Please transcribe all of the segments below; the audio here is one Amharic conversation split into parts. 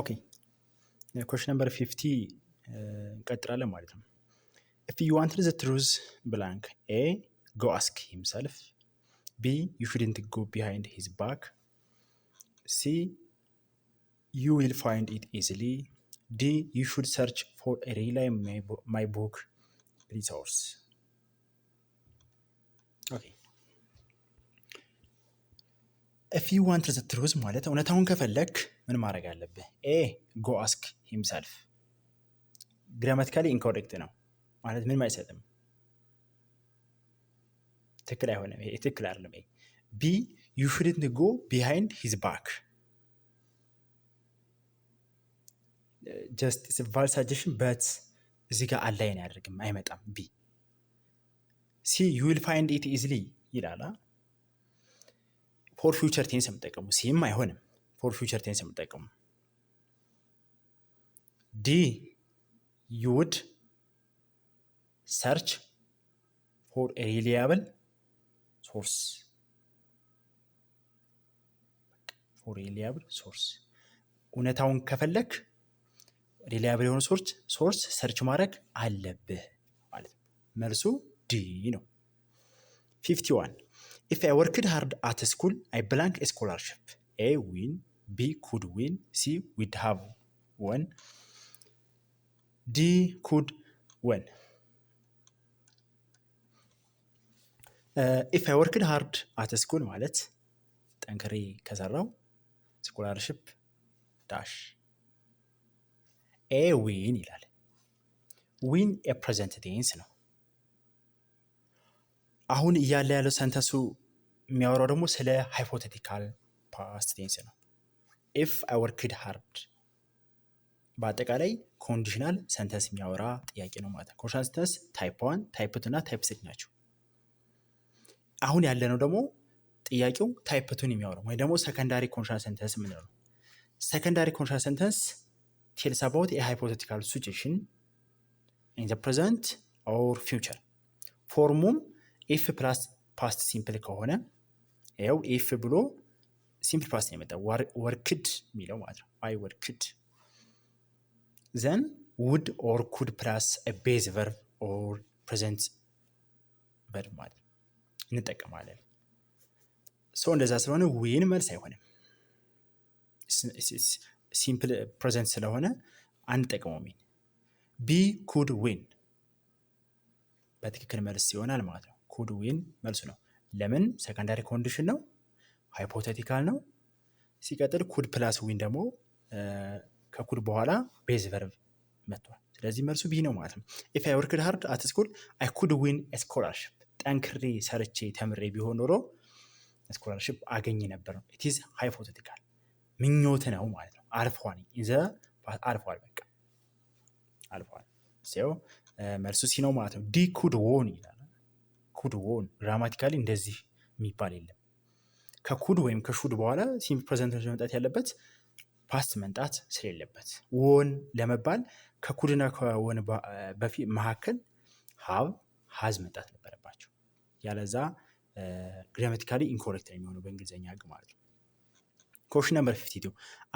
ኦኬ ኮሽን ነምበር ፊፍቲ እንቀጥላለን ማለት ነው። ኢፍ ዩ ዋንትድ ዘ ትሩዝ ብላንክ ኤ ጎ አስክ ሂምሰልፍ፣ ቢ ዩ ሹድንት ጎ ቢሃይንድ ሂዝ ባክ፣ ሲ ዩ ዊል ፋይንድ ኢት ኢዚሊ፣ ዲ ዩ ሹድ ሰርች ፎር ሪላይ ማይ ቡክ ሪሶርስ። ኦኬ ኢፍ ዩ ዋንትድ ዘ ትሩዝ ማለት እውነታውን ከፈለግ ምን ማድረግ አለብህ? ኤ ጎ አስክ ሂምሰልፍ ግራማቲካሊ ኢንኮሬክት ነው ማለት ምንም አይሰጥም። ትክክል አይሆንም። ይሄ ትክክል አይደለም። ቢ ዩ ሹድንት ጎ ቢሃይንድ ሂዝ ባክ ጀስት ቫል ሳጀሽን በት እዚህ ጋር አላይን አያደርግም አይመጣም። ቢ ሲ ዩ ዊል ፋይንድ ኢት ኢዝሊ ይላላ ፎር ፊውቸር ቴንስ የምጠቀሙ ሲም አይሆንም። ፎር ፊውቸር ቴንስ የምጠቀሙ። ዲ ዩድ ሰርች ፎር ሪሊያብል ሶርስ ፎር ሪሊያብል ሶርስ እውነታውን ከፈለክ ሪሊያብል የሆነ ሶርስ ሶርስ ሰርች ማድረግ አለብህ ማለት ነው። መልሱ ዲ ነው። ፊፍቲ ዋን ኢፍ አይ ወርክድ ሃርድ አት ስኩል አይ ብላንክ ስኮላርሽፕ ኤ ዊን ቢ ኩድ ዊን ሲ would ሃቭ won, ዲ ኩድ win. ኢፍ አይ ወርክድ ሃርድ አት ስኩል ማለት ጠንክሬ ከሰራው ስኮላርሽፕ ዳሽ ኤ ዊን ይላል። ዊን የፕሬዘንት ቴንስ ነው። አሁን እያለ ያለው ሰንተሱ የሚያወራው ደግሞ ስለ ሃይፖቴቲካል ፓስት ቴንስ ነው። ኢፍ አይ ወርክድ ሃርድ በአጠቃላይ ኮንዲሽናል ሰንተንስ የሚያወራ ጥያቄ ነው ማለት ነው። ኮንዲሽናል ሰንተንስ ታይፕ ዋን ታይፕ ቱ እና ታይፕ ስሪ ናቸው። አሁን ያለነው ደግሞ ጥያቄው ታይፕ ቱን የሚያወራው ወይ ደግሞ ሰከንዳሪ ኮንዲሽናል ሰንተንስ የምንለው ነው። ሰከንዳሪ ኮንዲሽናል ሰንተንስ ቴልስ አባውት የሃይፖቴቲካል ሲቹዌሽን ኢን ዘ ፕሬዘንት ኦር ፊውቸር። ፎርሙም ኢፍ ፕላስ ፓስት ሲምፕል ከሆነ ያው ኢፍ ብሎ ሲምፕል ፓስት ነው የመጣው ወርክድ የሚለው ማለት ነው። አይ ወርክድ ዘን ውድ ኦር ኩድ ፕላስ ቤዝ ቨርብ ኦር ፕሬዘንት ቨርብ ማለት እንጠቀማለን። ሶ እንደዛ ስለሆነ ዊን መልስ አይሆንም። ሲምፕል ፕሬዘንት ስለሆነ አንጠቅመውም። ሚን ቢ ኩድ ዊን በትክክል መልስ ይሆናል ማለት ነው። ኩድ ዊን መልሱ ነው። ለምን? ሰከንዳሪ ኮንዲሽን ነው። ሃይፖቴቲካል ነው። ሲቀጥል ኩድ ፕላስ ዊን ደግሞ ከኩድ በኋላ ቤዝ ቨርብ መጥቷል። ስለዚህ መልሱ ቢ ነው ማለት ነው። ኢፍ አይ ወርክድ ሃርድ አት ስኩል አይ ኩድ ዊን ስኮላርሽፕ። ጠንክሬ ሰርቼ ተምሬ ቢሆን ኖሮ ስኮላርሽፕ አገኝ ነበር ነው። ኢትዝ ሃይፖቴቲካል ምኞት ነው ማለት ነው። አልፏል ዘ አልፏል፣ በቃ አልፏል። ሲው መልሱ ሲ ነው ማለት ነው። ዲ ኩድ ዎን ይላል። ኩድ ዎን ግራማቲካሊ እንደዚህ የሚባል የለም። ከኩድ ወይም ከሹድ በኋላ ሲምፕል ፕሬዘንት መምጣት ያለበት ፓስት መምጣት ስለሌለበት ወን ለመባል ከኩድና ከወን በፊት መካከል ሀብ ሀዝ መምጣት ነበረባቸው። ያለዛ ግራማቲካሊ ኢንኮሬክት ነው የሚሆነው በእንግሊዝኛ ህግ ማለት ነው። ኮሽን ነምበር ፊፍቲ ቱ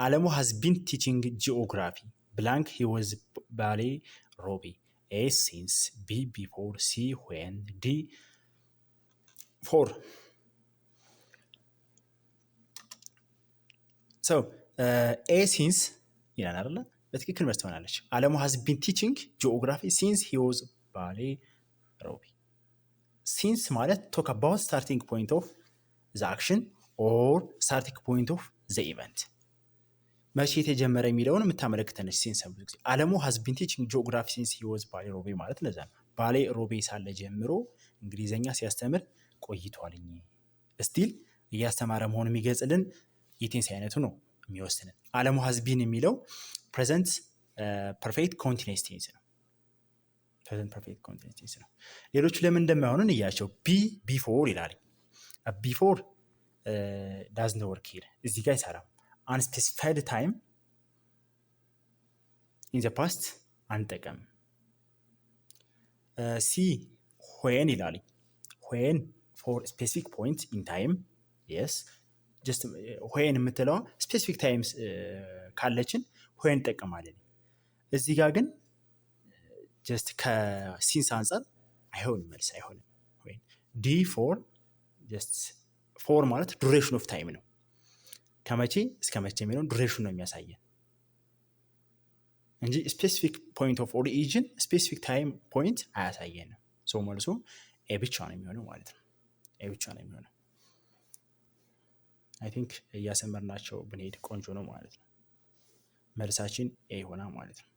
አለሙ ሀዝ ቢን ቲቺንግ ጂኦግራፊ ብላንክ ሂ ወዝ ባሌ ሮቢ ኤ ሲንስ ቢ ቢፎር ሲ ዌን ዲ ፎር ኤ ሲንስ ይላል አይደለ? በትክክል መልስ ትሆናለች። አለሙ ሀዝ ቢን ቲችንግ ጂኦግራፊ ሲንስ ሂወዝ ባሌ ሮቢ። ሲንስ ማለት ቶክ አባውት ስታርቲንግ ፖይንት ኦፍ ዘ አክሽን ኦር ስታርቲንግ ፖይንት ኦፍ ዘ ኢቨንት መቼ የተጀመረ የሚለውን የምታመለክተነች ሲንስ ብዙ ጊዜ አለሙ ሀዝ ቢን ቲችንግ ጂኦግራፊ ሲንስ ሂወዝ ባሌ ሮቢ ማለት ለዛ ነው። ባሌ ሮቤ ሳለ ጀምሮ እንግሊዝኛ ሲያስተምር ቆይቷልኝ ስቲል እያስተማረ መሆኑ የሚገልጽልን የቴንስ አይነቱ ነው የሚወስንን። አለሙ ሀዝቢን የሚለው ፕሬዘንት ፐርፌክት ኮንቲኒስ ቴንስ ነው። ፕሬዘንት ፐርፌክት ኮንቲኒስ ቴንስ ነው። ሌሎቹ ለምን እንደማይሆኑን እያቸው። ቢ ቢፎር ይላል። ቢፎር ዳዝን ወርክ ሄድ እዚህ ጋር አይሰራም። አንስፔሲፋይድ ታይም ኢን ዘ ፓስት አንጠቀም። ሲ ሆን ይላል። ሆን ፎር ስፔሲፊክ ፖይንት ኢን ታይም የስ ሆን የምትለውን ስፔሲፊክ ታይምስ ካለችን ሆይን እንጠቀማለን። እዚህ ጋር ግን ጀስት ከሲንስ አንጻር አይሆን መልስ አይሆንም። ዲ ፎር ጀስት ፎር ማለት ዱሬሽን ኦፍ ታይም ነው። ከመቼ እስከ መቼ የሚለውን ዱሬሽን ነው የሚያሳየን እንጂ ስፔሲፊክ ፖይንት ኦፍ ኦሪጂን ስፔሲፊክ ታይም ፖይንት አያሳየንም። ሰው መልሱ ኤ ብቻ ነው የሚሆነው ማለት ነው። ኤ ብቻ ነው የሚሆነው። አይ ቲንክ እያሰመርናቸው ብንሄድ ቆንጆ ነው ማለት ነው። መልሳችን ኤ ይሆናል ማለት ነው።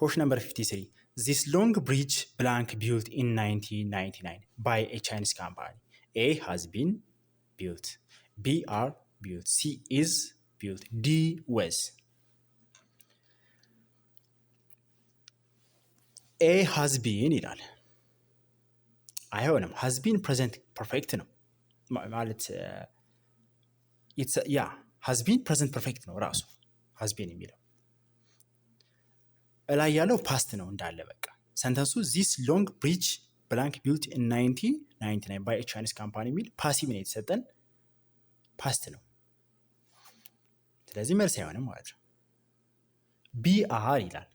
ኮሽን ነምበር 53 ዚስ ሎንግ ብሪጅ ብላንክ ቢልት ኢን 1999 ባይ ኤ ቻይኒስ ካምፓኒ ኤ ሃዝ ቢን ቢልት ቢ አር ቢልት ሲ ኢዝ ቢልት ዲ ወዝ ኤ ሃዝ ቢን ይላል። አይሆንም። ሃዝ ቢን ፕሬዘንት ፐርፌክት ነው። ማለት ያ ሀዝቢን ፕሬዘንት ፐርፌክት ነው ራሱ ሀዝቢን የሚለው እላይ ያለው ፓስት ነው እንዳለ በቃ ሰንተንሱ ዚስ ሎንግ ብሪጅ ብላንክ ቢልት ኢን ባይ ቻይኒስ ካምፓኒ የሚል ፓሲቭ ነው የተሰጠን ፓስት ነው። ስለዚህ መልስ አይሆንም ማለት ነው። ቢ አር ይላል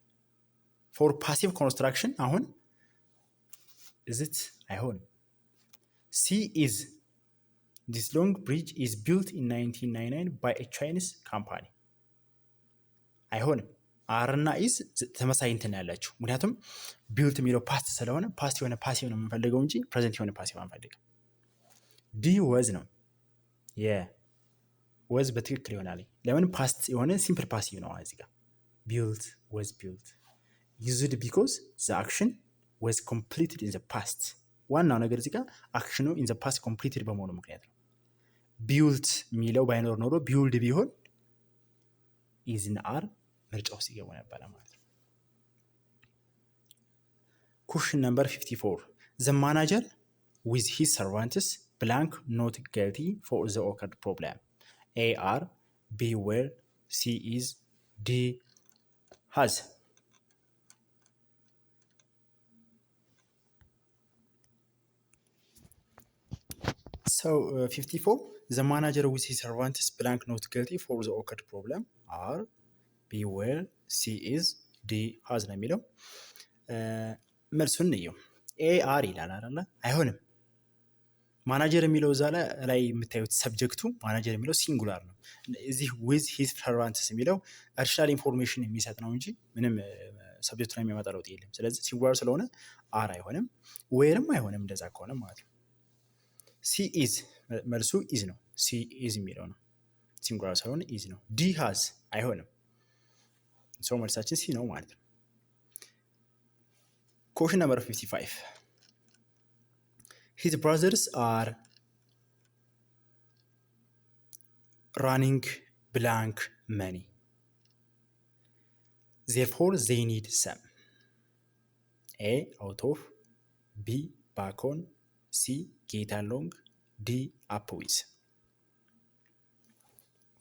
ፎር ፓሲቭ ኮንስትራክሽን አሁን እዝት አይሆንም። ሲ ኢዝ This long bridge is built in 1999 by a Chinese company. አይሆንም። አር እና ኢዝ ተመሳሳይ እንትን ያላችሁ ምክንያቱም ቢልት የሚለው ፓስት ስለሆነ ፓስት የሆነ ፓሲቭ ነው የምንፈልገው እንጂ ፕሬዘንት የሆነ ፓሲቭ አንፈልግም። ዲ ወዝ ነው የወዝ በትክክል ይሆናል። ለምን ፓስት የሆነ ሲምፕል ፓሲቭ ነው እዚህ ጋር ቢልት ወዝ ቢልት ዩዝድ ቢኮዝ ዘ አክሽን ወዝ ኮምፕሊትድ ኢን ዘ ፓስት ዋናው ነገር እዚህ ጋር አክሽኑ ኢን ዘ ፓስት ኮምፕሊትድ በመሆኑ ምክንያት ነው። ቢውልት የሚለው ባይኖር ኖሮ ቢውልድ ቢሆን ኢዝን አር ምርጫ ውስጥ ይገቡ ነበረ ማለት ነው። ኩሽን ነምበር 54 ዘ ማናጀር ዊዝ ሂዝ ሰርቫንትስ ብላንክ ኖት ገልቲ ፎር ዘ ኦከርድ ፕሮብለም ኤ አር ቢ ዌር ሲ ኢዝ ዲ ሃዝ ሰው 54 The manager with his servant is blank not guilty for the occurred problem are B where C is D has ነው የሚለው መልሱን እንየው። ኤ አር ይላል አይደለ? አይሆንም። ማናጀር የሚለው እዛ ላይ የምታዩት ሰብጀክቱ ማናጀር የሚለው ሲንጉላር ነው። እዚህ ዊዝ ሂዝ ሰርቫንትስ የሚለው አዲሽናል ኢንፎርሜሽን የሚሰጥ ነው እንጂ ምንም ሰብጀክቱ ላይ የሚያመጣ ለውጥ የለም። ስለዚህ ሲንጉላር ስለሆነ አር አይሆንም። ዌርም አይሆንም እንደዛ ከሆነ ማለት ነው። ሲ ኢዝ መልሱ ኢዝ ነው። ሲ ኢዝ የሚለው ነው። ሲንጉላር ሳይሆን ኢዝ ነው። ዲ ሃዝ አይሆንም። ሰው መልሳችን ሲ ነው ማለት ነው። ኮሽን ነምበር 55 ሂዝ ብራዘርስ አር ራኒንግ ብላንክ መኒ ዜርፎር ዜይ ኒድ ሰም ኤ አውት ኦፍ ቢ ባኮን ሲ ጌታ ሎንግ ዲ አፕ ዊዝ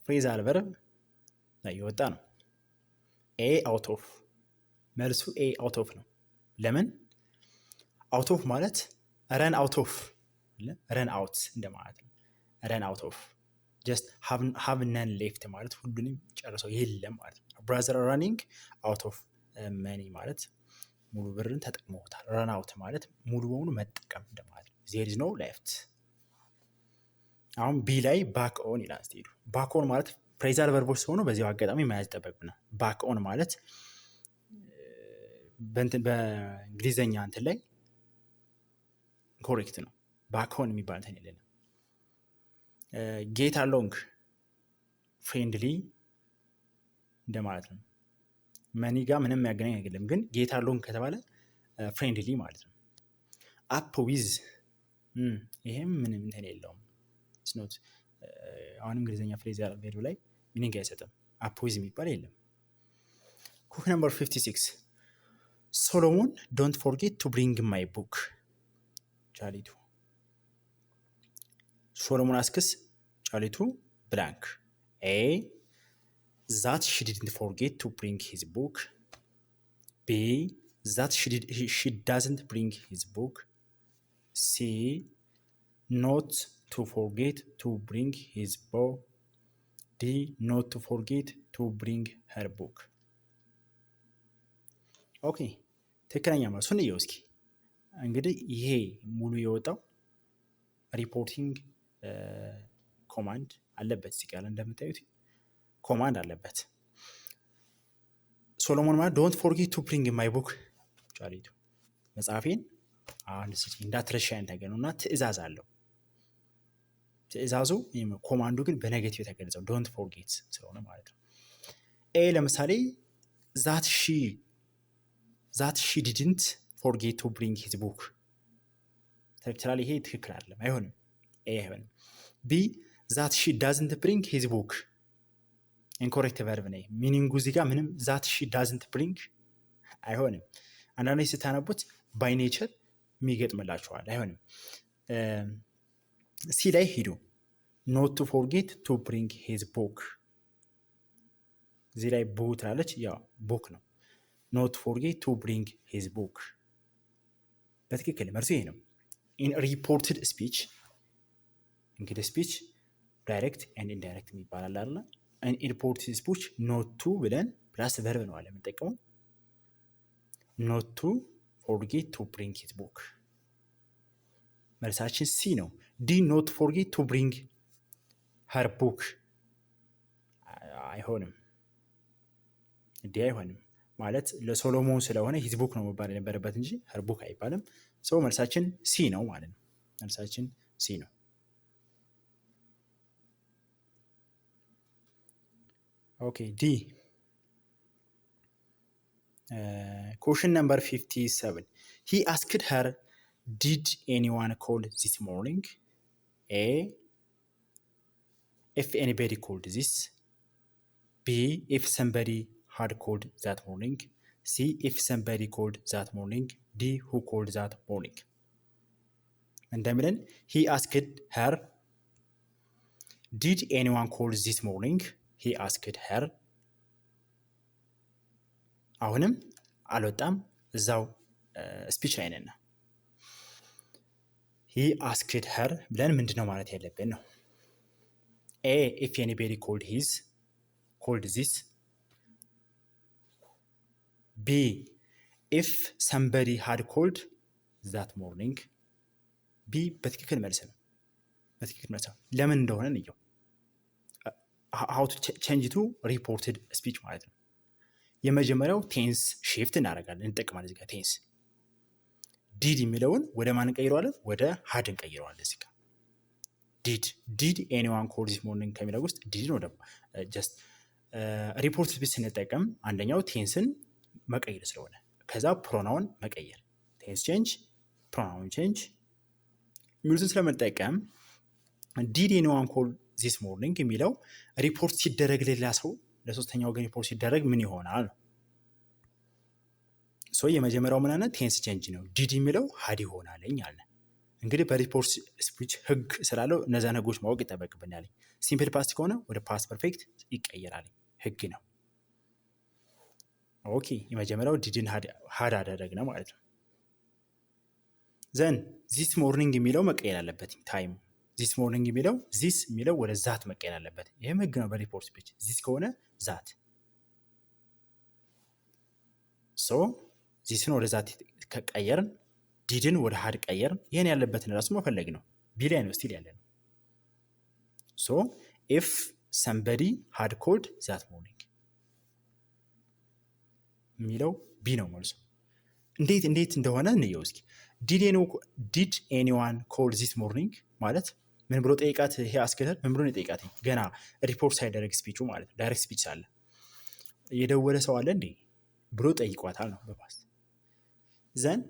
ፍሬዛል ቨርብ ላይ የወጣ ነው። ኤ አውት ኦፍ መልሱ ኤ አውት ኦፍ ነው። ለምን አውት ኦፍ ማለት ረን አውት ኦፍ ረን አውት እንደማለት ነው። ረን አውት ኦፍ ጀስት ሃቭ ነን ሌፍት ማለት ሁሉንም ጨርሰው የለም ማለት ነው። ብራዘር ረኒንግ አውት ኦፍ መኒ ማለት ሙሉ ብርን ተጠቅመውታል። ረን አውት ማለት ሙሉ በሙሉ መጠቀም እንደማለት ነው። ዜር ኢዝ ኖ ሌፍት አሁን ቢ ላይ ባክ ኦን ይላል ስቴዱ። ባክ ኦን ማለት ፕሬዛል ቨርቦች ሲሆኑ በዚያው አጋጣሚ መያዝ ይጠበቅብናል። ባክ ኦን ማለት በእንግሊዝኛ እንትን ላይ ኮሬክት ነው። ባክ ኦን የሚባል እንትን የለንም። ጌት አሎንግ ፍሬንድሊ እንደማለት ነው። መኒ ጋ ምንም የሚያገናኝ አይደለም፣ ግን ጌት አሎንግ ከተባለ ፍሬንድሊ ማለት ነው። አፕ ዊዝ ይሄም ምንም እንትን የለውም። ኖት አሁን እንግሊዝኛ ፍሬዝ ቬሉ ላይ ሚኒንግ አይሰጥም። አፖይዝ የሚባል የለም። ኩክ ነምበር 56 ሶሎሞን ዶንት ፎርጌት ቱ ብሪንግ ማይ ቡክ ጫሊቱ ሶሎሞን አስክስ ጫሊቱ ብላንክ ኤ ዛት ሺ ዲድንት ፎርጌት ቱ ብሪንግ ሂዝ ቡክ ቢ ዛት ሺ ዳዝንት ብሪንግ ሂዝ ቡክ ሲ ኖት ቱ ፎርጌት ቱ ብሪንግ ሂዝ ቦ ዲ ኖት ቱ ፎርጌት ቱ ብሪንግ ሄር ቡክ። ኦኬ ትክክለኛ መልሱን እየው እስኪ። እንግዲህ ይሄ ሙሉ የወጣው ሪፖርቲንግ ኮማንድ አለበት። እዚህ ጋር እንደምታዩት ኮማንድ አለበት። ሶሎሞን ማለት ዶንት ፎርጌት ቱ ብሪንግ ማይ ቡክ ጫሪቱ መጽሐፌን አንድ ስጪ እንዳትረሻ ነገር እና ትእዛዝ አለው። ትእዛዙ ወይም ኮማንዱ ግን በኔጌቲቭ የተገለጸው ዶንት ፎርጌት ስለሆነ ማለት ነው። ኤ ለምሳሌ ዛት ሺ ዛት ሺ ዲድንት ፎርጌት ቱ ብሪንግ ሂዝ ቡክ ተክትላል። ይሄ ትክክል አይደለም፣ አይሆንም። ኤ አይሆንም። ቢ ዛት ሺ ዳዝንት ብሪንግ ሂዝ ቡክ ኢንኮሬክት ቨርብ ነ ሚኒንጉ እዚህ ጋር ምንም ዛት ሺ ዳዝንት ብሪንግ አይሆንም። አንዳንዴ ስታነቡት ባይ ኔቸር የሚገጥምላቸዋል አይሆንም። ሲ ላይ ሂዱ። ኖት ቱ ፎርጌት ቱ ብሪንግ ሂዝ ቦክ። እዚህ ላይ ቡ ትላለች፣ ያ ቡክ ነው። ኖት ፎርጌት ቱ ብሪንግ ሂዝ ቦክ በትክክል መርሱ ይሄ ነው። ኢን ሪፖርትድ ስፒች እንግዲህ ስፒች ዳይሬክት ኤንድ ኢንዳይሬክት የሚባላል አለ። ኢንሪፖርትድ ስፒች ኖት ቱ ብለን ፕላስ ቨርብ ነው አለ የምንጠቀመው። ኖት ቱ ፎርጌት ቱ ብሪንግ ሂዝ ቦክ መልሳችን ሲ ነው። ዲ ኖት ፎርጌት ቱ ብሪንግ ሀር ቡክ አይሆንም። እንዲህ አይሆንም ማለት ለሶሎሞን ስለሆነ ሂዝ ቡክ ነው መባል የነበረበት እንጂ ሀር ቡክ አይባልም። ሰው መልሳችን ሲ ነው ማለት ነው። መልሳችን ሲ ነው። ኦኬ ዲ ኮሽን ነምበር ፊፍቲ ሂ አስክድ ሀር ዲድ ኤኒዋን ኮል ዚስ ሞርኒንግ ኤ ኢፍ ኤኒባዲ ኮልድ ዚስ ቢ ኢፍ ሰምበዲ ሃድ ኮልድ ዛት ሞርኒንግ ሲ ኢፍ ሰምበዲ ኮልድ ዛት ሞርኒንግ ዲ ሁ ኮልድ ዛት ሞርኒንግ እንደሚለን ሂ አስክድ ሄር ዲድ ኤኒዋን ኮል ዚስ ሞርኒንግ ሂ አስክድ ሄር አሁንም አልወጣም እዛው ስፒች ላይ ነን ሂ አስክድ ሄር ብለን ምንድን ነው ማለት ያለብን ነው። ኤ ኢፍ ኤኒቤዲ ኮልድ ሂዝ ኮልድ ዚስ ቢ ኢፍ ሰምበዲ ሃድ ኮልድ ዛት ሞርኒንግ ቢ በትክክል መልስ ነው። በትክክል መልስ ነው። ለምን እንደሆነ እንየው። ሀው ቱ ቼንጅ ቱ ሪፖርትድ ስፒች ማለት ነው። የመጀመሪያው ቴንስ ሺፍት እናደርጋለን እንጠቅማለን። እዚህ ጋር ቴንስ ዲድ የሚለውን ወደ ማን እንቀይረዋለን? ወደ ሀድ እንቀይረዋለን። እዚህ ጋር ዲድ ዲድ ኤኒዋን ኮል ዚስ ሞርኒንግ ከሚለው ውስጥ ዲድ ነው። ደግሞ ጀስት ሪፖርት ቢ ስንጠቀም አንደኛው ቴንስን መቀየር ስለሆነ ከዛ ፕሮናውን መቀየር ቴንስ ቼንጅ ፕሮናውን ቼንጅ የሚሉትን ስለመጠቀም ዲድ ኤኒዋን ኮል ዚስ ሞርኒንግ የሚለው ሪፖርት ሲደረግ ሌላ ሰው ለሶስተኛ ወገን ሪፖርት ሲደረግ ምን ይሆናል ነው ሶ የመጀመሪያው ምን አይነት ቴንስ ቼንጅ ነው? ዲድ የሚለው ሀድ ይሆናለኝ አለ። እንግዲህ በሪፖርት ስፒች ህግ ስላለው እነዚያን ህጎች ማወቅ ይጠበቅብናል። ሲምፕል ፓስት ከሆነ ወደ ፓስት ፐርፌክት ይቀየራል። ህግ ነው። ኦኬ የመጀመሪያው ዲድን ሀድ አደረግነ ማለት ነው። ዘን ዚስ ሞርኒንግ የሚለው መቀየር አለበት። ታይም ዚስ ሞርኒንግ የሚለው ዚስ የሚለው ወደ ዛት መቀየር አለበት። ይህም ህግ ነው በሪፖርት ስፒች ዚስ ከሆነ ዛት ሶ ዚስን ወደ ዛት ከቀየርን ዲድን ወደ ሀድ ቀየርን ይህን ያለበትን ራሱ መፈለግ ነው። ቢ ላይ ነው ስቲል ያለ ነው። ሶ ኢፍ ሰምበዲ ሃድ ኮልድ ዛት ሞርኒንግ የሚለው ቢ ነው መልሶ። እንዴት እንዴት እንደሆነ እንየው እስኪ። ዲድ ኤኒዋን ኮል ዚስ ሞርኒንግ ማለት ምን ብሎ ጠይቃት? ይሄ አስገደር ምን ብሎ ጠይቃት? ገና ሪፖርት ሳይደረግ ስፒቹ ማለት ነው። ዳይሬክት ስፒች አለ የደወለ ሰው አለ እንዴ ብሎ ጠይቋታል ነው በፓስት ዘንድ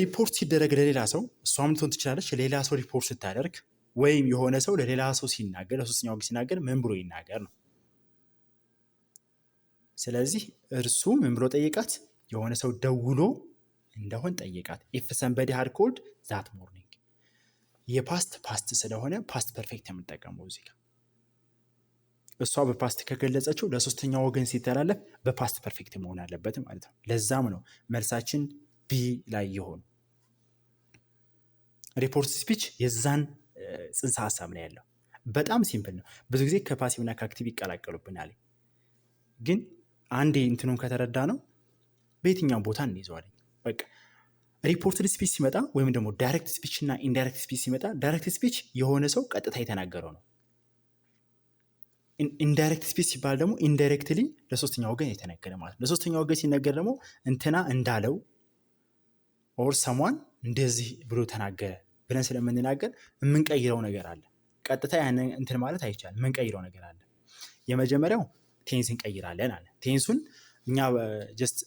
ሪፖርት ሲደረግ ለሌላ ሰው እሷም ልትሆን ትችላለች። ሌላ ሰው ሪፖርት ስታደርግ ወይም የሆነ ሰው ለሌላ ሰው ሲናገር ለሶስተኛው ወገን ሲናገር ምን ብሎ ይናገር ነው። ስለዚህ እርሱ ምን ብሎ ጠየቃት? የሆነ ሰው ደውሎ እንደሆን ጠየቃት። ኢፍ ሰምበዲ ሃድ ኮልድ ዛት ሞርኒንግ የፓስት ፓስት ስለሆነ ፓስት ፐርፌክት የምንጠቀመው እዚህ ጋር እሷ በፓስት ከገለጸችው ለሶስተኛ ወገን ሲተላለፍ በፓስት ፐርፌክት መሆን አለበት ማለት ነው። ለዛም ነው መልሳችን ቢ ላይ የሆኑ ሪፖርት ስፒች የዛን ጽንሰ ሀሳብ ነው ያለው። በጣም ሲምፕል ነው። ብዙ ጊዜ ከፓሲቭና ከአክቲቭ ይቀላቀሉብናል። ግን አንዴ እንትኑን ከተረዳ ነው በየትኛው ቦታ እንይዘዋለን። በቃ ሪፖርትድ ስፒች ሲመጣ ወይም ደግሞ ዳይሬክት ስፒች እና ኢንዳይሬክት ስፒች ሲመጣ ዳይሬክት ስፒች የሆነ ሰው ቀጥታ የተናገረው ነው። ኢንዳይሬክት ስፒች ሲባል ደግሞ ኢንዳይሬክትሊ ለሶስተኛ ወገን የተነገረ ማለት ነው። ለሶስተኛ ወገን ሲነገር ደግሞ እንትና እንዳለው ኦር ሰሟን እንደዚህ ብሎ ተናገረ ብለን ስለምንናገር የምንቀይረው ነገር አለ። ቀጥታ ያንን እንትን ማለት አይቻልም። የምንቀይረው ነገር አለ። የመጀመሪያው ቴንስ እንቀይራለን አለ። ቴንሱን እኛ ጀስት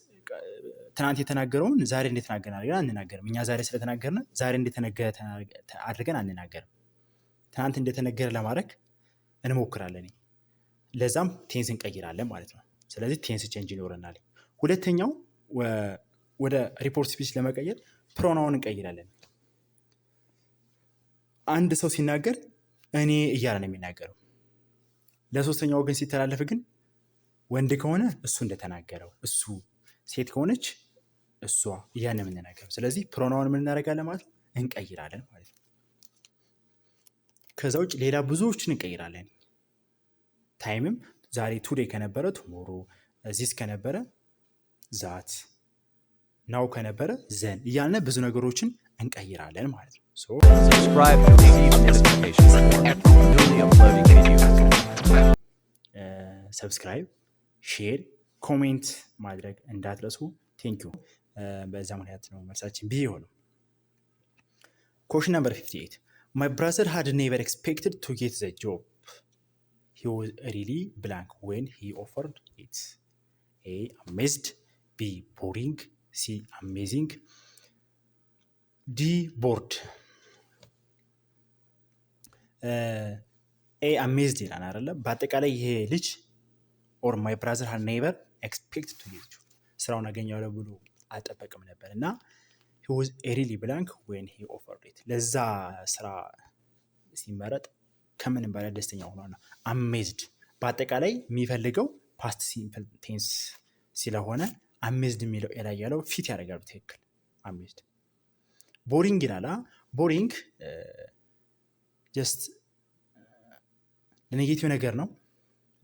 ትናንት የተናገረውን ዛሬ እንደተናገረ አድርገን አንናገርም። እኛ ዛሬ ስለተናገርን ዛሬ እንደተነገረ አድርገን አንናገርም። ትናንት እንደተነገረ ለማድረግ እንሞክራለን። ለዛም ቴንስ እንቀይራለን ማለት ነው። ስለዚህ ቴንስ ቼንጅ ይኖረናል። ሁለተኛው ወደ ሪፖርት ስፒች ለመቀየር ፕሮናውን እንቀይራለን። አንድ ሰው ሲናገር እኔ እያለ ነው የሚናገረው። ለሶስተኛ ወገን ሲተላለፍ ግን ወንድ ከሆነ እሱ እንደተናገረው፣ እሱ ሴት ከሆነች እሷ እያለ ነው የምንናገረው። ስለዚህ ፕሮናውን ምን እናደርጋለን ማለት እንቀይራለን ማለት ነው። ከዛ ውጭ ሌላ ብዙዎችን እንቀይራለን። ታይምም ዛሬ ቱዴ ከነበረ ቱሞሮ፣ ዚስ ከነበረ ዛት፣ ናው ከነበረ ዘን እያልነ ብዙ ነገሮችን እንቀይራለን ማለት ነው። ሰብስክራይብ፣ ሼር፣ ኮሜንት ማድረግ እንዳትረሱ። ቴንኪዩ። በዛ ምክንያት ነው መልሳችን ቢ የሆነው። ኮሽን ነምበር 58 ማይ ብራዘር ሃድ ኔቨር ኤክስፔክትድ ቱ ጌት ዘ ጆብ ሂ ዋዝ ሪሊ ብላንክ ዌን ሂ ኦፈርድ ኢት። ኤ አሜዝድ፣ ቢ ቦሪንግ፣ ሲ አሜዚንግ፣ ዲ ቦርድ። ኤ አሜዝድ ይላል አይደለም። በአጠቃላይ ይሄ ልጅ ኦር ማይ ብራዘር ሀር ኔይበር ኤክስፔክት ቱ ጌት ስራውን አገኘዋለሁ ብሎ አልጠበቅም ነበር እና ሂ ዋዝ ሪሊ ብላንክ ዌን ሂ ኦፈርድ ኢት ለዛ ስራ ሲመረጥ ከምንም በላይ ደስተኛ ሆኗል ነው። አሜዝድ በአጠቃላይ የሚፈልገው ፓስት ሲምፕል ቴንስ ስለሆነ አሜዝድ የሚለው ኤላይ ያለው ፊት ያደርጋሉ። ትክክል። አሜዝድ ቦሪንግ ይላላ። ቦሪንግ ጀስት ለኔጌቲቭ ነገር ነው፣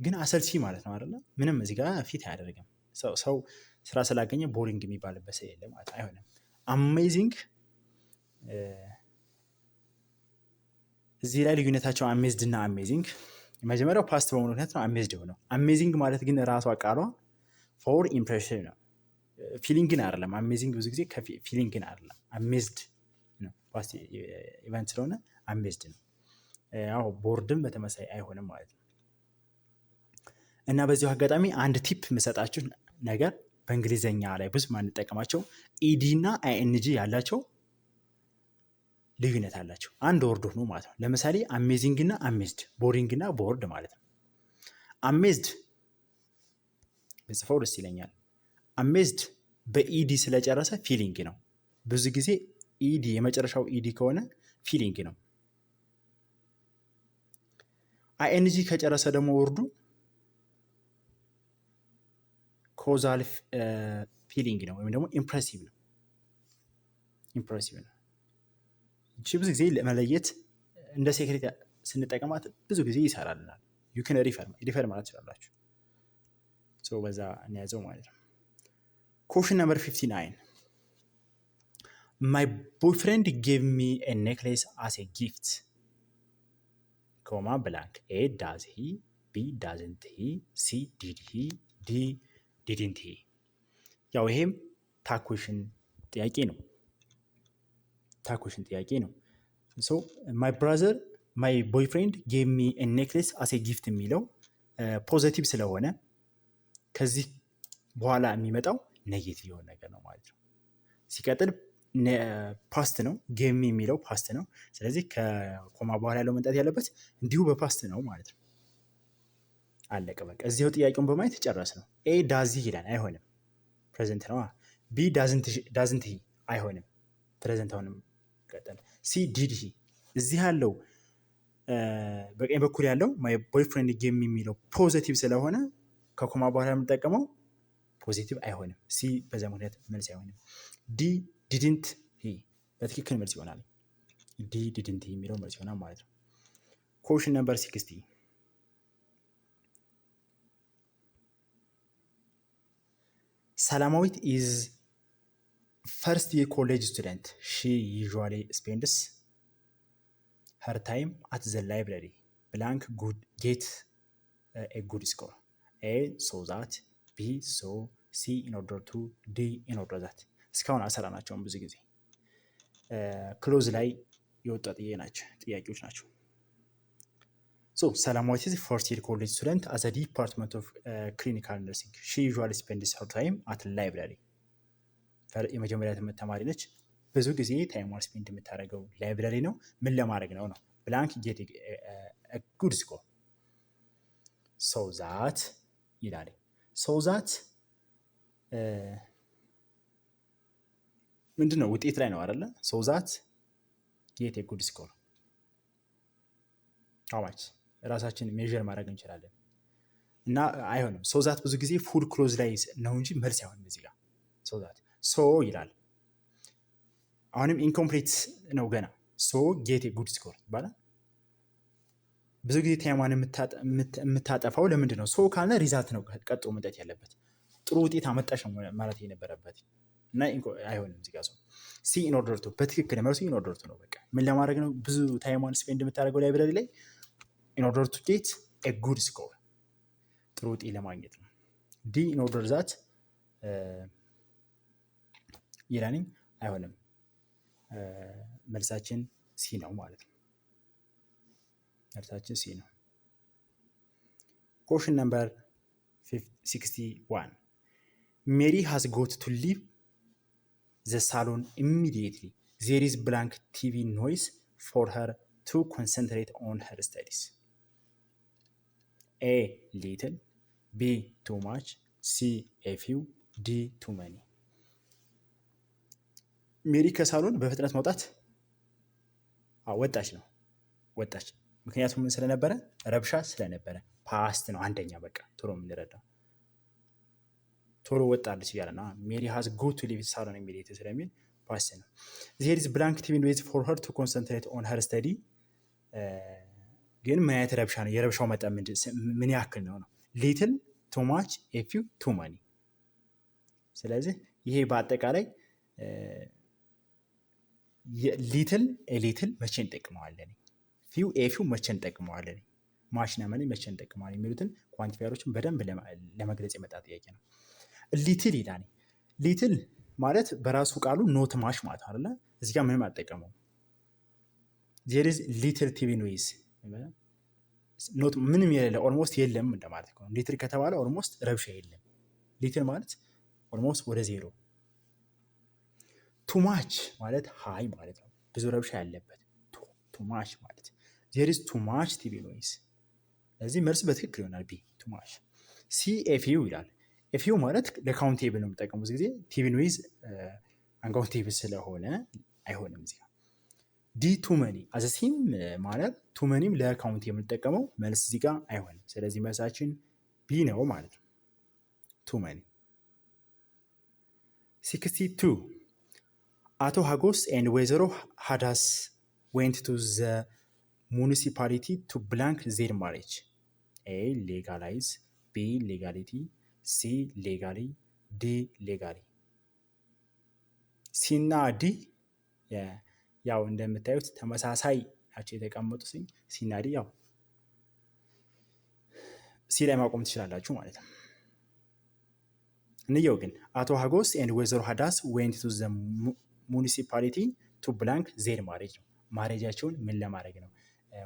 ግን አሰልቺ ማለት ነው አይደለ? ምንም እዚህ ጋር ፊት አያደርግም። ሰው ስራ ስላገኘ ቦሪንግ የሚባልበት ሰው ማለት አይሆንም። አሜዚንግ እዚህ ላይ ልዩነታቸው አሜዝድ እና አሜዚንግ፣ የመጀመሪያው ፓስት በሆኑ ምክንያት ነው አሜዝድ የሆነው። አሜዚንግ ማለት ግን ራሷ ቃሏ ፎር ኢምፕሬሽን ነው፣ ፊሊንግን አይደለም። አሜዚንግ ብዙ ጊዜ ፊሊንግን አይደለም፣ አሜዝድ ነው። ፓስት ኢቨንት ስለሆነ አሜዝድ ነው። ያው ቦርድም በተመሳይ አይሆንም ማለት ነው። እና በዚሁ አጋጣሚ አንድ ቲፕ የምሰጣችሁ ነገር በእንግሊዝኛ ላይ ብዙ ማንጠቀማቸው ኢዲ e እና አይኤንጂ ያላቸው ልዩነት አላቸው። አንድ ወርድ ሆኖ ማለት ነው። ለምሳሌ አሜዚንግ እና አሜዝድ፣ ቦሪንግ እና ቦርድ ማለት ነው። አሜዝድ ብጽፈው ደስ ይለኛል። አሜዝድ በኢዲ ስለጨረሰ ፊሊንግ ነው። ብዙ ጊዜ ኢዲ የመጨረሻው ኢዲ ከሆነ ፊሊንግ ነው። አይኤንጂ ከጨረሰ ደግሞ ወርዱ ኮዛል ፊሊንግ ነው ወይም ደግሞ ኢምፕሬሲቭ ነው። ኢምፕሬሲቭ ነው። እቺ ብዙ ጊዜ ለመለየት እንደ ሴክሬት ስንጠቀማት ብዙ ጊዜ ይሰራልናል። ዩክን ሪፈር ማለት ትችላላችሁ። በዛ እንያዘው ማለት ነው። ኮሽን ነምበር 59 ማይ ቦይፍሬንድ ጌቭ ሚ ኔክሌስ አስ ጊፍት ኮማ ብላንክ ኤ ዳዝ ሂ ቢ ዳዝንት ሂ ሲ ዲድ ሂ ዲ ዲድንት ሂ። ያው ይሄም ታኮሽን ጥያቄ ነው። ታኮሽን ጥያቄ ነው። ሶ ማይ ብራዘር ማይ ቦይፍሬንድ ጌሚ ኔክሌስ አሴ ጊፍት የሚለው ፖዘቲቭ ስለሆነ ከዚህ በኋላ የሚመጣው ነጌቲቭ የሆነ ነገር ነው ማለት ነው። ሲቀጥል ፓስት ነው ጌሚ የሚለው ፓስት ነው። ስለዚህ ከኮማ በኋላ ያለው መምጣት ያለበት እንዲሁ በፓስት ነው ማለት ነው። አለቀ በቃ። እዚው ጥያቄውን በማየት ጨረስ ነው። ኤ ዳዚ ይላል አይሆንም፣ ፕሬዘንት ነው። ቢ ዳዝንት ዳዝንት አይሆንም፣ ፕሬዘንት አሁንም ቀጠል ሲ ዲድ ሂ እዚህ ያለው በቀኝ በኩል ያለው ማይ ቦይፍሬንድ ጌም የሚለው ፖዘቲቭ ስለሆነ ከኮማ በኋላ የምንጠቀመው ፖዚቲቭ አይሆንም። ሲ በዛ ምክንያት መልስ አይሆንም። ዲ ዲድንት ሂ በትክክል መልስ ይሆናል። ዲ ዲድንት ሂ የሚለው መልስ ይሆናል ማለት ነው። ኮሽን ነምበር ሲክስቲ ሰላማዊት ኢዝ ፈርስት የኮሌጅ ስቱደንት ሺ ዩዥዋሊ ስፔንድስ ሀር ታይም አት ዘ ላይብረሪ ብላንክ ጉድ ጌት ጉድ ስኮር ኤ ሶ ዛት ቢ ሶ ሲ ኢንኦርደር ቱ ዲ ኢንኦርደር ዛት እስካሁን አልሰራናቸውም። ብዙ ጊዜ ክሎዝ ላይ የወጣ ጥያቄዎች ናቸው። ሰላም ዋት ኢዝ ፈርስት የር ኮሌጅ ስቱደንት አት ዲፓርትመንት ኦፍ ክሊኒካል ነርሲንግ ሺ ዩዥዋሊ ስፔንድስ ሀር ታይም አት ላይብረሪ የመጀመሪያ ትምህርት ተማሪ ነች። ብዙ ጊዜ ታይሟን ስፔንድ የምታደርገው ላይብረሪ ነው። ምን ለማድረግ ነው ነው ብላንክ ጌት ጉድ ስኮ ሰው ይላል። ሰው ዛት ምንድን ነው ውጤት ላይ ነው አይደለ? ሰው ጌት ጉድ ስኮ ነው። አዋች ራሳችን ሜዥር ማድረግ እንችላለን። እና አይሆንም ሰው ብዙ ጊዜ ፉድ ክሎዝ ላይ ነው እንጂ መልስ አይሆንም እዚህ ጋር ሰው ሶ ይላል። አሁንም ኢንኮምፕሊት ነው ገና። ሶ ጌቴ ጉድ ስኮር ይባላል። ብዙ ጊዜ ታይሟን የምታጠፋው ለምንድን ነው? ሶ ካልነ ሪዛልት ነው ቀጥሎ መጠት ያለበት። ጥሩ ውጤት አመጣሽ ማለት የነበረበት እና አይሆንም። እዚህ ጋር ሰው ሲ ኢንኦርደርቱ በትክክል መርሱ ኢንኦርደርቱ ነው። በቃ ምን ለማድረግ ነው ብዙ ታይሟን ስፔንድ የምታደርገው ላይብረሪ ላይ ኢንኦርደርቱ ጌት ጉድ ስኮር ጥሩ ውጤት ለማግኘት ነው። ዲ ኢንኦርደር ዛት ይለንኝ አይሆንም። መልሳችን ሲ ነው ማለት ነው። መልሳችን ሲ ነው። ኮሽን ነምበር 61 ሜሪ ሃዝ ጎት ቱ ሊቭ ዘ ሳሎን ኢሚዲየትሊ ዜር ኢዝ ብላንክ ቲቪ ኖይስ ፎር ሄር ቱ ኮንሰንትሬት ኦን ሄር ስተዲስ ኤ ሊትል ቢ ቱ ማች ሲ ኤ ፊው ዲ ቱ መኒ ሜሪ ከሳሎን በፍጥነት መውጣት ወጣች ነው ወጣች። ምክንያቱም ምን ስለነበረ ረብሻ ስለነበረ ፓስት ነው። አንደኛ በቃ ቶሎ የምንረዳው ቶሎ ወጣለች እያለ ነው። ሜሪ ሃዝ ጎ ቱ ሊቭ ሳሎን ኢሚዲየት ስለሚል ፓስት ነው። ዜር ኢዝ ብላንክ ቲቪን ዌት ፎር ሀር ቱ ኮንሰንትሬት ኦን ሀር ስተዲ። ግን ምን አይነት ረብሻ ነው? የረብሻው መጠን ምን ያክል ነው ነው ሊትል ቱ ማች ኤ ቱ ማኒ። ስለዚህ ይሄ በአጠቃላይ ሊትል ኤሊትል መቼ እንጠቅመዋለን? ፊው ኤፊው መቼ እንጠቅመዋለን? ማሽና መኒ መቼ እንጠቅመዋለን? የሚሉትን ኳንቲፋየሮችን በደንብ ለመግለጽ የመጣ ጥያቄ ነው። ሊትል ይላል። ሊትል ማለት በራሱ ቃሉ ኖት ማሽ ማለት አለ። እዚህ ጋር ምንም አጠቀመው። ዜር ኢዝ ሊትል ቲቪ ኖይዝ ኖት ምንም የሌለ ኦልሞስት የለም እንደማለት ነው። ሊትል ከተባለ ኦልሞስት ረብሻ የለም። ሊትል ማለት ኦልሞስት ወደ ዜሮ ቱማች ማለት ሃይ ማለት ነው። ብዙ ረብሻ ያለበት ቱማች ማለት ዜሪስ ቱማች ቲቪ ኖይስ። ለዚህ መልስ በትክክል ይሆናል ቢ ቱማች። ሲ ኤፍዩ ይላል። ኤፍዩ ማለት ለካውንቴብል ነው የምጠቀሙ ጊዜ ቲቪ ኖይዝ uh, አንካውንቴብል ስለሆነ አይሆንም። እዚህ ዲ ቱመኒ አዘሲም ማለት ቱመኒም ለካውንት የምንጠቀመው መልስ እዚ ጋር አይሆንም። ስለዚህ መልሳችን ቢ ነው ማለት ነው ቱመኒ። ሲክስቲ ቱ አቶ ሀጎስ ኤንድ ወይዘሮ ሀዳስ ዌንት ቱ ዘ ሙኒሲፓሊቲ ቱ ብላንክ ዜር ማሬጅ ኤ ሌጋላይዝ፣ ቢ ሌጋሊቲ፣ ሲ ሌጋሊ፣ ዲ ሌጋሊ። ሲና ዲ ያው እንደምታዩት ተመሳሳይ ናቸው የተቀመጡ ሲኝ ሲና ዲ ያው ሲ ላይ ማቆም ትችላላችሁ ማለት ነው። እንየው ግን አቶ ሀጎስ ኤንድ ወይዘሮ ሀዳስ ዌንት ቱ ዘ ሙኒሲፓሊቲ ቱ ብላንክ ዜር ማሬጅ ነው። ማሬጃቸውን ምን ለማድረግ ነው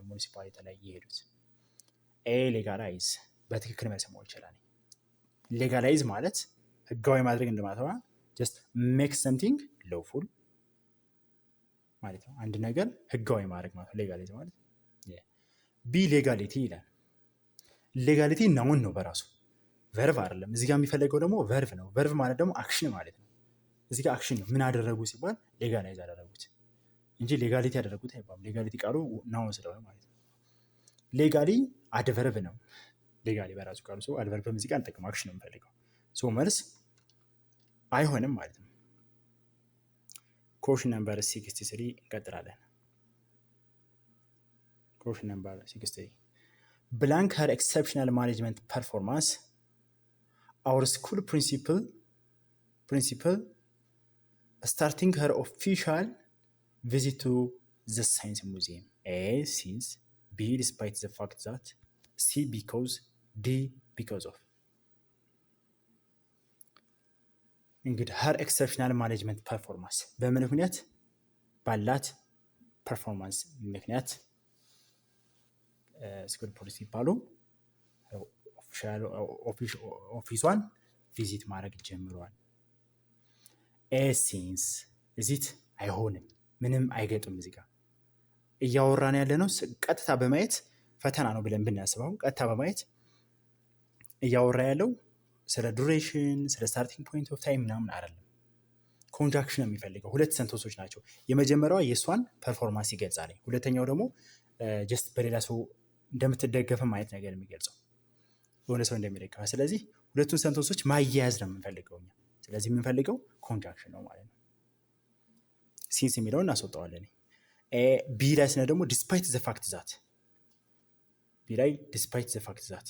ሙኒሲፓሊቲ ላይ የሄዱት? ኤ ሌጋላይዝ በትክክል መሰማው ይችላል። ሌጋላይዝ ማለት ህጋዊ ማድረግ እንደማተባ ጀስት ሜክ ሰምቲንግ ሎፉል ማለት ነው። አንድ ነገር ህጋዊ ማድረግ ማለት ነው ሌጋሊቲ ማለት። ቢ ሌጋሊቲ ይላል። ሌጋሊቲ ናውን ነው በራሱ ቨርቭ አይደለም። እዚጋ የሚፈለገው ደግሞ ቨርቭ ነው። ቨርቭ ማለት ደግሞ አክሽን ማለት ነው። እዚህ ጋር አክሽን ነው። ምን አደረጉ ሲባል ሌጋላይዝ አደረጉት እንጂ ሌጋሊቲ ያደረጉት አይባልም። ሌጋሊቲ ቃሉ ናውን ስለሆነ ማለት ነው። ሌጋሊ አድቨርብ ነው። ሌጋሊ በራሱ ቃሉ ሰው አድቨርብ በሙዚቃ እንጠቅም አክሽን ነው የምፈልገው። ሶ መልስ አይሆንም ማለት ነው። ኮሽን ነምበር ሲክስቲ ስሪ እንቀጥላለን። ኮሽን ነምበር ሲክስቲ ብላንክ ሀር ኤክሰፕሽናል ማኔጅመንት ፐርፎርማንስ አውር ስኩል ፕሪንሲፕል ፕሪንሲፕል ስታርቲንግ her ኦፊሻል visit to the science museum a eh, since b despite the fact that c because ዲ ቢኮዝ ኦፍ እንግዲህ ሀር ኤክሰፕሽናል ማኔጅመንት ፐርፎርማንስ በምን ምክንያት ባላት ፐርፎርማንስ ምክንያት ስኩል ፖሊሲ ይባሉ ኦፊሷን ቪዚት ማድረግ ጀምረዋል። ኤሴንስ እዚት አይሆንም፣ ምንም አይገጥም። እዚህ ጋር እያወራን ያለ ነው ቀጥታ በማየት ፈተና ነው ብለን ብናስበው ቀጥታ በማየት እያወራ ያለው ስለ ዱሬሽን ስለ ስታርቲንግ ፖይንት ኦፍ ታይም ምናምን አይደለም። ኮንጃክሽን ነው የሚፈልገው። ሁለት ሰንቶሶች ናቸው። የመጀመሪያዋ የእሷን ፐርፎርማንስ ይገልጻል። ሁለተኛው ደግሞ ጀስት በሌላ ሰው እንደምትደገፍም ማየት ነገር የሚገልጸው የሆነ ሰው እንደሚደገፋ። ስለዚህ ሁለቱን ሰንቶሶች ማያያዝ ነው የምንፈልገው ስለዚህ የምንፈልገው ኮንጃንክሽን ነው ማለት ነው። ሲንስ የሚለውን እናስወጠዋለን ቢ ላይ ስነ ደግሞ ዲስፓይት ዘ ፋክት ዛት ቢ ላይ ዲስፓይት ዘ ፋክት ዛት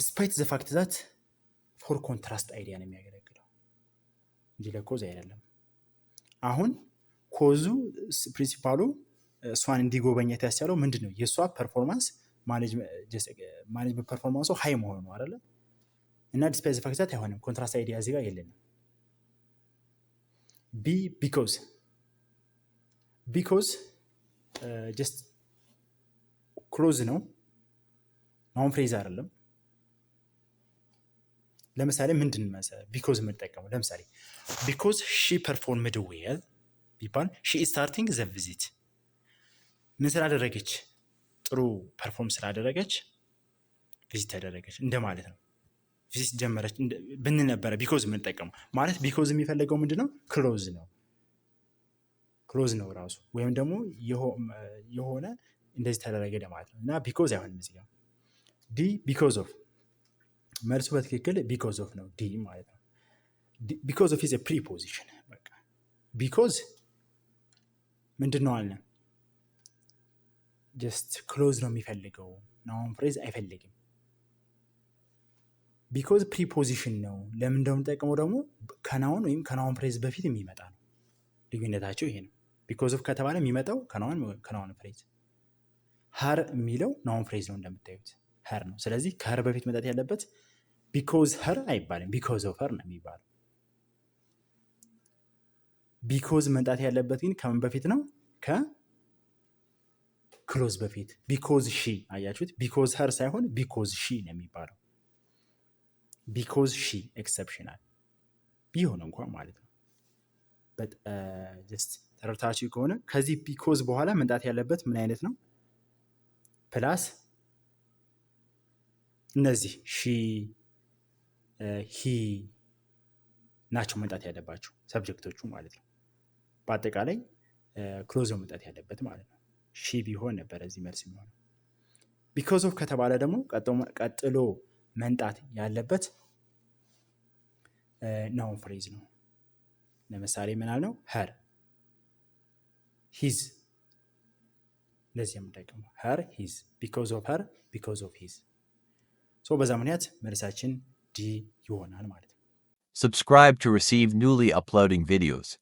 ዲስፓይት ዘ ፋክት ዛት ፎር ኮንትራስት አይዲያ ነው የሚያገለግለው እንጂ ለኮዝ አይደለም። አሁን ኮዙ ፕሪንሲፓሉ እሷን እንዲጎበኘት ያስቻለው ምንድን ነው? የእሷ ፐርፎርማንስ ማኔጅመንት ፐርፎርማንሱ ሀይ መሆኑ ነው አይደለም እና ዲስፕሌይ ዘ አይሆንም። ኮንትራስት አይዲያ እዚህ ጋር የለንም። ቢ ቢኮዝ ቢኮዝ ጀስት ክሎዝ ነው ናውን ፍሬዝ አይደለም። ለምሳሌ ምንድን ቢኮዝ የምንጠቀመው ለምሳሌ ቢኮዝ ሺ ፐርፎርምድ ዌል ቢባል ሺ ስታርቲንግ ዘ ቪዚት ምን ስላደረገች ጥሩ ፐርፎርም ስላደረገች ቪዚት ያደረገች እንደማለት ነው። ቪዚት ጀመረች ብንል ነበረ ቢኮዝ የምንጠቀመው ማለት ቢኮዝ የሚፈለገው ምንድን ነው? ክሎዝ ነው ክሎዝ ነው ራሱ ወይም ደግሞ የሆነ እንደዚህ ተደረገ ማለት ነው። እና ቢኮዝ አይሆንም እዚህ ጋር ዲ ቢኮዝ ኦፍ መልሱ በትክክል ቢኮዝ ኦፍ ነው ዲ ማለት ነው። ቢኮዝ ኦፍ ኢዝ ፕሪፖዚሽን በቃ ቢኮዝ ምንድን ነው አለ ጀስት ክሎዝ ነው የሚፈልገው ናውን ፍሬዝ አይፈልግም። ቢኮዝ ፕሪፖዚሽን ነው። ለምን እንደምንጠቅመው ደግሞ ከናውን ወይም ከናውን ፕሬዝ በፊት የሚመጣ ነው። ልዩነታቸው ይሄ ነው። ቢኮዝ ኦፍ ከተባለ የሚመጣው ከናውን ከናውን ፕሬዝ፣ ሀር የሚለው ናውን ፕሬዝ ነው እንደምታዩት ሀር ነው። ስለዚህ ከሀር በፊት መጣት ያለበት ቢኮዝ ሀር አይባልም፣ ቢኮዝ ኦፍ ሀር ነው የሚባለው። ቢኮዝ መምጣት ያለበት ግን ከምን በፊት ነው? ከክሎዝ በፊት ቢኮዝ ሺ። አያችሁት? ቢኮዝ ሀር ሳይሆን ቢኮዝ ሺ ነው የሚባለው። ቢኮዝ ሺ ኤክሰፕሽናል ቢሆን እንኳን ማለት ነው። uh, ተረድታችሁ ከሆነ ከዚህ ቢኮዝ በኋላ መምጣት ያለበት ምን አይነት ነው? ፕላስ እነዚህ ሺ ሂ uh, ናቸው መምጣት ያለባቸው ሰብጀክቶቹ ማለት ነው። በአጠቃላይ ክሎዝ uh, መምጣት ያለበት ማለት ነው። ሺ ቢሆን ነበረ እዚህ መልስ የሚሆነው ቢኮዝ ኦፍ ከተባለ ደግሞ ቀጥሎ መንጣት ያለበት ናውን ፍሬዝ ነው። ለምሳሌ ምን አልነው? ሄር ሂዝ እንደዚህ የምንጠቀመው ሄር ሂዝ፣ ቢኮዝ ኦፍ ሄር፣ ቢኮዝ ኦፍ ሂዝ። ሶ በዛ ምክንያት መልሳችን ዲ ይሆናል ማለት ነው። Subscribe to receive newly uploading videos.